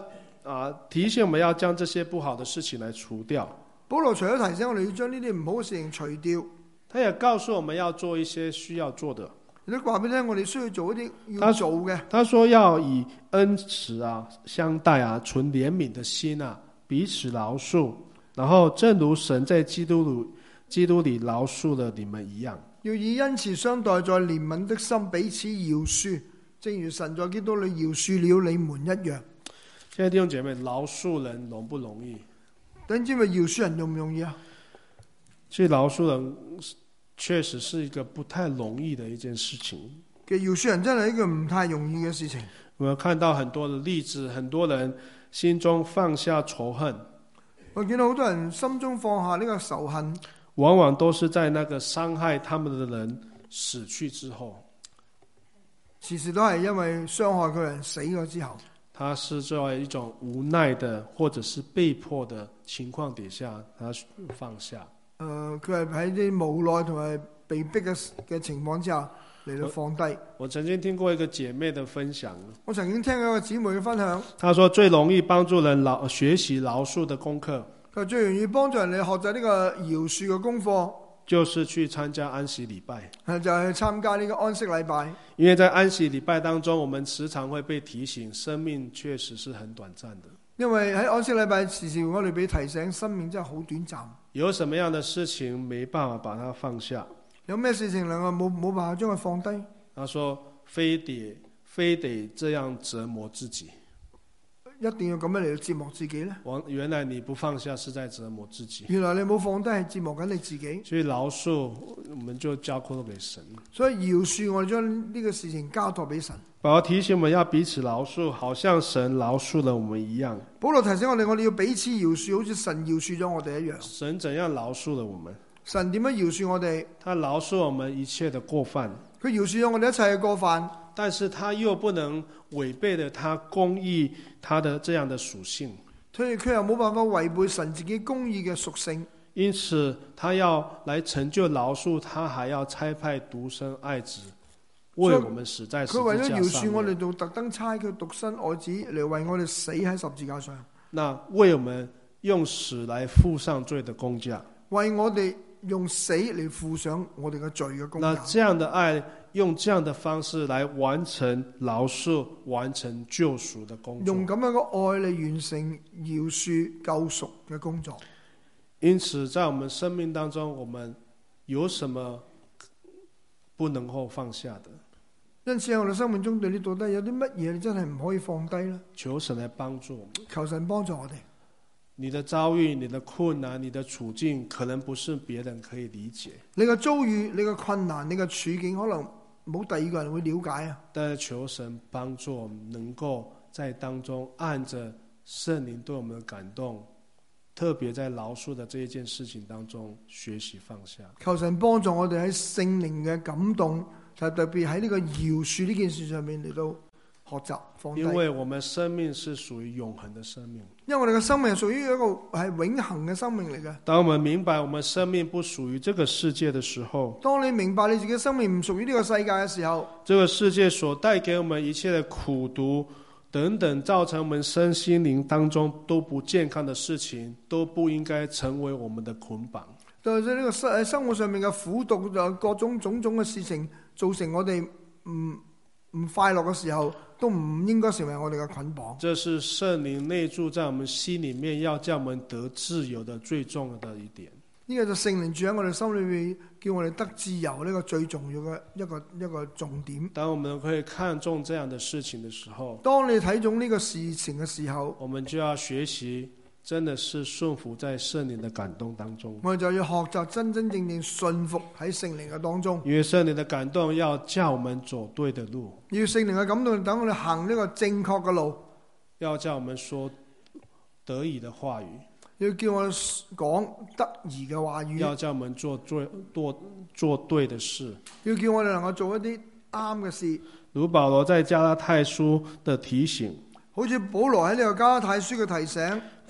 A: 啊提醒我們要將這些不好的事情來除掉，
B: 保羅除咗提醒我哋要將呢啲唔好嘅事情除掉，他也告訴我們要做一些需要做的。你話俾聽，我哋需要做一啲要做嘅。
A: 他說要以恩慈啊相待啊，存憐憫的心啊，彼此饒恕，然後正如神在基督裏基督裏饒恕了你們一
B: 樣。要以恩慈相待，在憐憫的心彼此饒恕，正如神在基督裏饒恕了你們一樣。即係弟兄姐妹，饒恕人容不容易？等知咪饒恕人
A: 容唔容易啊？即係饒恕人，確實是一個不太容易嘅一件事情。其實饒恕人真係一個唔太容易嘅事情。我有看到很多嘅例子，很多人心中放下仇恨。我見到好多人心中放下呢個仇恨。往往都是在那個傷害他們的人死
B: 去之後，其實都係因為傷害佢人死咗之後，
A: 他是作為一種無奈的，或者是被迫的情況底下，他放下。
B: 誒，佢係喺啲無奈同埋被逼嘅嘅情況之下嚟到放低。
A: 我曾經聽過一個姐妹的分享，
B: 我曾經聽過一個姊妹嘅分享，
A: 她說最容易幫助人學習饒恕的功課，
B: 佢最願意幫助人哋學習呢個饒恕嘅功課，就是去參加安息禮拜。就係
A: 去參加呢個安息禮拜。因為在安息禮拜當中，我們時常會被提醒，生命確實是很短暫的。
B: 因為喺安息禮拜時時會俾提醒，生命真係好
A: 短暫。有什麼樣的事情沒辦法把它放下？有咩事情兩個冇冇辦法將佢放低？佢說非得，非得這樣折磨自己。
B: 一定要咁樣嚟折磨自己
A: 咧？原來你不放下是在折磨自己。
B: 原來你冇放低，係折磨緊你自己。所以饒恕，我們就交託俾神。所以饒恕，我哋將呢個事情交託俾神。
A: 保羅提醒我們要彼此饒恕，好像神饒恕了我們一樣。
B: 保羅提醒我哋，我哋要彼此饒恕，好似神饒恕咗我哋一樣。神怎樣饒恕了我們？神點樣饒恕我哋？他饒恕我們一切的過
A: 犯，佢饒恕咗我哋一切嘅過犯。但是他又不能違背了他公義他的這樣的屬性，所以佢又冇辦法違背神自己公義嘅屬性，因此他要來成就饒恕，他還要差派獨生愛子為我們死在十字架上面。佢為
B: 了饒恕我哋，仲特登差佢獨生愛子嚟為我哋死喺十字架上。那為我們用死來負上
A: 罪的工價，
B: 為我哋用死嚟負上我哋嘅罪嘅
A: 工。那這樣的愛。用這樣的方式來完成饒恕、完成救贖的工作。用
B: 這樣個愛嚟完成饒恕救贖嘅工作。
A: 因此，在我們生命當中，我們有什麼不能夠放下的？
B: 因此，我哋生命中對你到底有啲乜嘢，你真係唔可以放低咧？求神嚟幫助我哋。求神幫助我哋。
A: 你的遭遇、你的困難、你的處境，可能不是別人可以理解。
B: 你嘅遭遇、你嘅困難、你嘅處境，可能。冇第二個人會了解啊！但係求神幫助我們，我能夠在
A: 當中按着聖靈對我們的感動，特別在饒恕的這一件事情當中學習放下。
B: 求神幫助我哋喺聖靈嘅感動，就特別喺呢個饒恕呢件事上面嚟到。學習放低，因為
A: 我們生命是屬於永恒的生命。
B: 因為我們嘅生命是屬於一個係永恒嘅生命嚟嘅。
A: 當我們明白我們生命不屬於這個世界嘅時候，
B: 當你明白你自己生命唔屬
A: 於呢個世界嘅時候，這個世界所帶給我們一切嘅苦毒等等，造成我們身心靈當中都不健康嘅事情，都不應該成為
B: 我們的捆綁。就係呢個生生活上面嘅苦毒就各種種種嘅事情造成我哋唔唔快樂嘅時候。都唔應該成為我哋嘅捆綁。
A: 這是聖靈內住在我們心裡面，要叫我們得自由的最重要的一點。
B: 呢個就聖靈住喺我哋心裏面，叫我哋得自由呢個最重要嘅一個一個重點。
A: 當我們可以看重這樣的事情嘅時候，當你睇中呢個事情嘅時候，我們就要學習。真的是順服在聖靈的感動當中。
B: 我哋就要學習真真正正順服喺聖靈嘅當中。
A: 因為聖靈嘅感動要叫我們走對的路。
B: 要聖靈嘅感動等我哋行呢個正確嘅路。要叫我們說得意的話語。要叫我講
A: 得意嘅話語。要叫我們做做做做對的事。要叫我哋
B: 能夠做一啲啱嘅事，
A: 如保羅在加拉太書的提醒。
B: 好似保羅喺呢個加拉太書嘅提醒。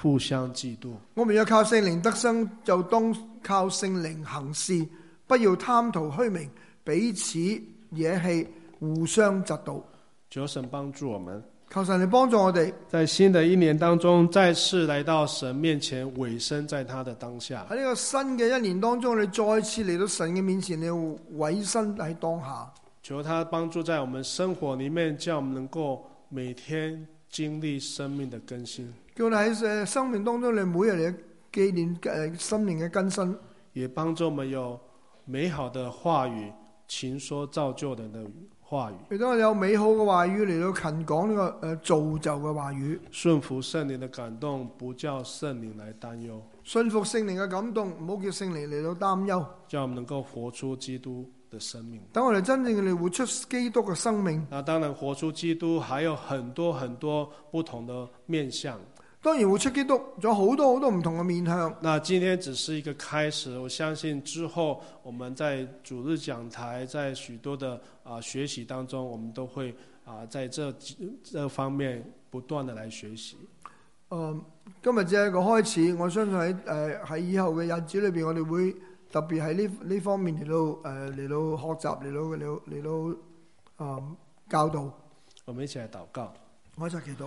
A: 互相嫉妒。
B: 我們要靠聖靈得生，就當靠聖靈行事，不要貪圖虛名，彼此惹氣，互相嫉妒。
A: 求神幫助我們，求神你幫助我哋。在新的一年當中，再次來到神面前，委身在他的當下。
B: 喺呢個新嘅一年當中，你再次嚟到神嘅面前，你要委身喺當下。
A: 求他幫助，在我們生活裏面，叫我們能夠每天經歷生命的更新。
B: 叫你喺誒生命當中，你每日嚟紀念誒心靈嘅更新，也幫助我們有美好的話
A: 語，情說造就人嘅話語。亦都係有美好嘅話語嚟到勤講呢個誒造就嘅話語。的的話語順服聖靈嘅感動，唔叫聖靈嚟擔
B: 憂。信服聖靈嘅感動，唔好叫聖靈嚟到擔憂。叫我們能夠活出基督嘅生命。等我哋真正嚟活出基督嘅生命。啊，當然活出基督還有
A: 很多很多不同的面向。
B: 當然活出基督，有好多好多唔同嘅
A: 面向。嗱，今天只是一個開始，我相信之後我們在主日講台，在許多的啊學習當中，我們都會啊在這這方面不斷的來學習。
B: 嗯，今日只係一個開始，我相信喺誒喺以後嘅日子裏邊，我哋會特別喺呢呢方面嚟到誒嚟、呃、到學習嚟到嚟到啊、嗯、教導。我們一起嚟禱告。我一齊祈禱。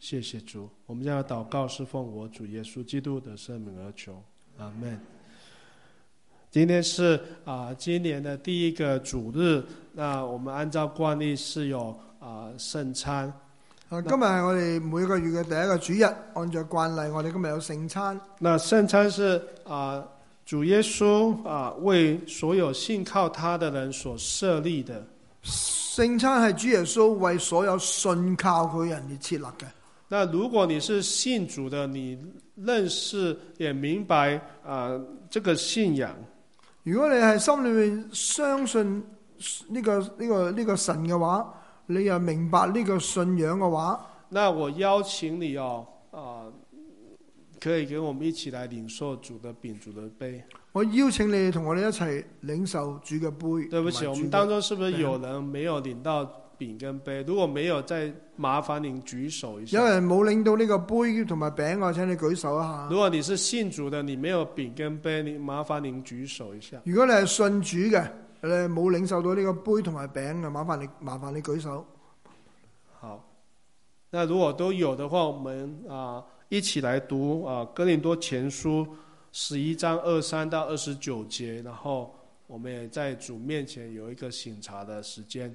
A: 謝謝主，我們要禱告是奉我主耶穌基督的聖名而求，阿門。今天是啊今年的第一個主日，那我們按照慣例是有啊聖餐。
B: 今日係我哋每個月嘅第一個主日，按照慣例我哋今日有聖餐。
A: 那聖餐是啊主耶穌啊為所有信靠他的人所
B: 設立的。聖餐係主耶穌為所有信靠佢人而設立嘅。
A: 那如果你是信主的，你認識也明白啊、呃，這個信仰。
B: 如果你喺心裏面相信呢個呢個呢個神嘅話，你又明白呢個信仰嘅話，
A: 那我邀請你哦，啊、呃，可以跟我們一起來領受主的餅、主的
B: 杯。我邀請你同我哋一齊領受主嘅杯。對不起，我們當中是不是有
A: 人沒有領到？餅跟杯，如果沒有，再麻煩你舉手一下。有
B: 人冇領到呢個杯同埋餅啊，請你舉手一下。
A: 如果你是信主的，你沒有餅跟杯，你麻煩你舉手一下。如果你
B: 係信主嘅，你冇領受到呢個杯同埋餅嘅，麻煩你麻煩你舉手。
A: 好，那如果都有的話，我們啊一起來讀啊哥林多前書十一章二三到二十九節，然後我們也在主面前有一個省察的時間。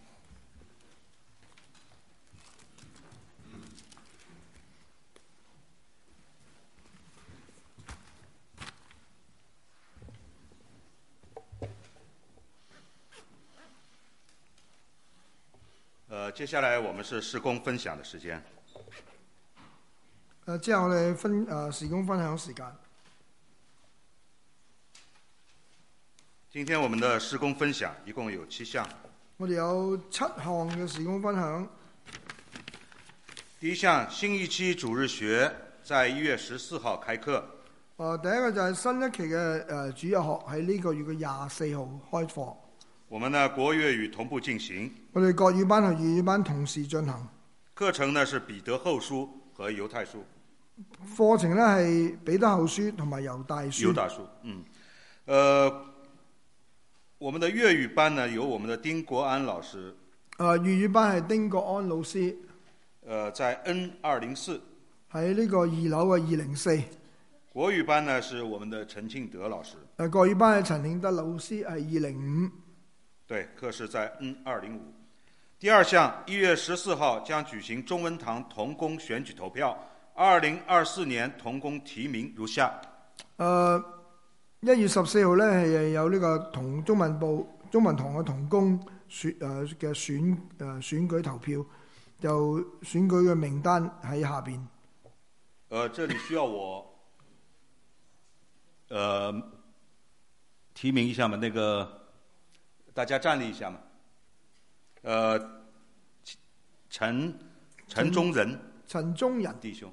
D: 接下來我們是事工分享的時間。
B: 呃，之後咧分呃事工分享時間。
D: 今天我們的事工分享一共有七項。
B: 我哋有七項嘅事工分享。
D: 第一項，新一期主日學在一月十四號開課。
B: 哦、呃，第一個就係新一期嘅誒、呃、主日學喺呢個月嘅廿四號開課。
D: 我們呢，國粵語同步進行。
B: 我哋國語班同粵語班同時進行。
D: 課程呢是彼得後書和猶太書。
B: 課程呢係彼得後書同埋猶大書。猶大
D: 書，嗯，呃，我們的粵語班呢有我們的丁國安老師。
B: 啊、呃，粵語班係丁國安老師。
D: 呃，在 N 二零四。
B: 喺呢個二樓嘅二零四。
D: 國語班呢是我們的陳慶德老師。
B: 誒、呃，國語班係陳慶德老師，係二零五。
D: 對，課室在 N 二零五。第二項，一月十四號將舉行中文堂同工選舉投票。二零二四年同工提名如下：
B: 呃，一月十四號咧係有呢個同中文部中文堂嘅同工選誒嘅、呃、選誒、呃、選舉投票，就選舉嘅名單喺下邊。
D: 呃，這裏需要我，呃，提名一下嘛，那個，大家站立一下嘛。呃，陳陳中仁，陳中仁，弟兄，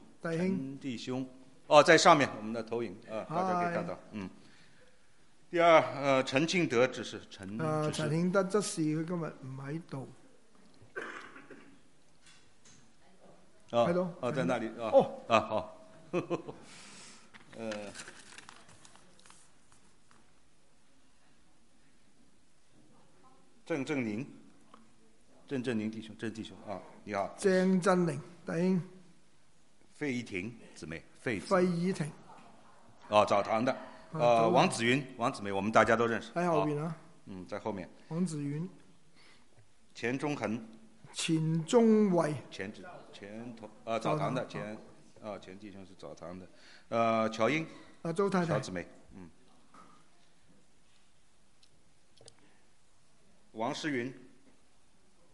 D: 弟兄，哦，在上面，我們的投影，呃、啊，大家可以睇到，啊、嗯。第二，呃，陳慶德執事陳陳，陳慶、
B: 呃、示德執事他今不這。今日唔喺度。
D: 喺度，啊，陳在那裏。啊、哦，哦、啊，好， 呃，鄭振寧。鄭振寧弟兄，鄭弟兄，啊，你好。
B: 鄭振寧，頂。
D: 費怡婷姊妹，費。費怡婷。哦，早堂的。呃，文王子雲，王子妹，我們大家都認識。喺後面、啊哦、嗯，在後面。
B: 王子雲。
D: 錢忠恆。
B: 錢忠偉。
D: 錢子，錢、啊、同，呃，早堂的，錢，啊堂，錢、哦、弟兄是早堂的。呃，喬英。啊，周太太。喬姊妹，嗯。王詩雲。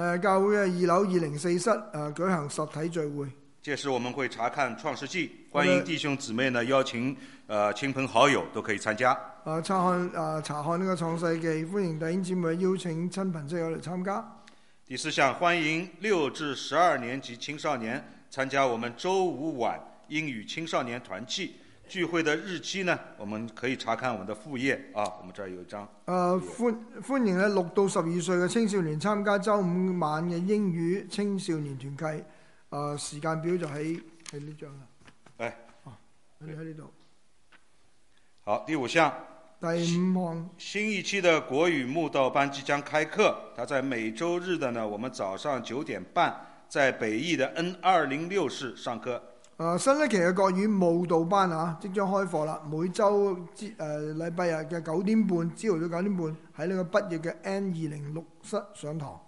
B: 誒，教會嘅二樓二零四室誒，舉行實體聚會。
D: 屆時我們會查看《創世記》，歡迎弟兄姊妹呢，邀請誒、呃、親朋好友都可以參加。
B: 誒，查看誒，查看呢個《創世記》，歡迎弟兄姐妹邀請親朋好友嚟參加。
D: 第四項，歡迎六至十二年級青少年參加我們週五晚英語青少年團契。聚會的日期呢？我們可以查看我們的副頁啊，我們這兒有一張。
B: 呃、啊，歡歡迎呢六到十二歲的青少年參加周五晚的英語青少年團契。呃、啊、時間表就喺喺呢張、
D: 哎、啊，喺呢喺呢度。好，第五項。
B: 第五項，
D: 新一期的國語慕道班即將開課，他在每周日的呢，我們早上九點半在北翼的 N 二零六室上課。
B: 新一期嘅國語慕道班啊，即將開課啦！每週之誒禮拜日嘅九點半，朝頭早九點半，喺呢個畢業嘅 N 二零六室上堂。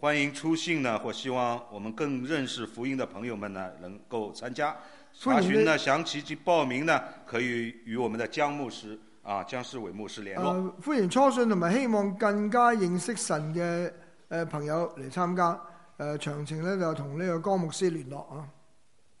D: 歡迎初信呢，或希望我們更認識福音嘅朋友們呢，能夠參加。查詢呢詳情及報名呢，可以與我們的江牧師啊、江世偉牧師聯絡。呃、
B: 歡迎初信同埋希望更加認識神嘅誒朋友嚟參加。誒、呃、詳情呢就同呢個江牧師聯絡啊。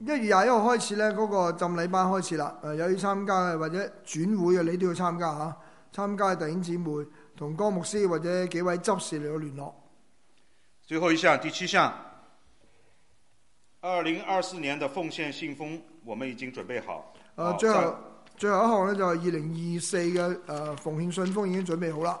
B: 一月廿一號開始咧，嗰、那個浸禮班開始啦。誒、呃，有要參加嘅或者轉會嘅，你都要參加嚇。參加嘅弟兄姊妹同歌牧師或者幾位執事嚟到聯絡。
D: 最後一項，第七項，二零二四年的奉獻信封，我們已經準備好。誒，最後
B: 最後一項咧，就係二零二四嘅誒奉獻信封已經準備好啦。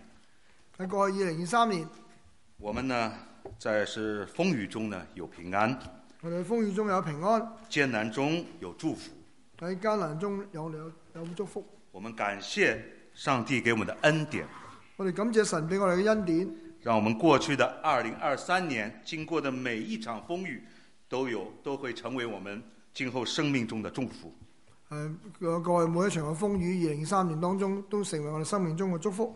D: 喺過去二零二三年，我們呢，在是風雨中呢有平安。
B: 我哋風雨中有平安，
D: 艱難中有祝福。
B: 喺艱難中有我哋有祝福。
D: 我們感謝上帝給我們的恩典。我哋感謝神俾我哋嘅恩典。讓我們過去的二零二三年經過的每一場風雨，都有都會成為我們今後生命中的祝福。
B: 誒，各位每一場嘅風雨，二零二三年當中都成為我哋生命中嘅祝福。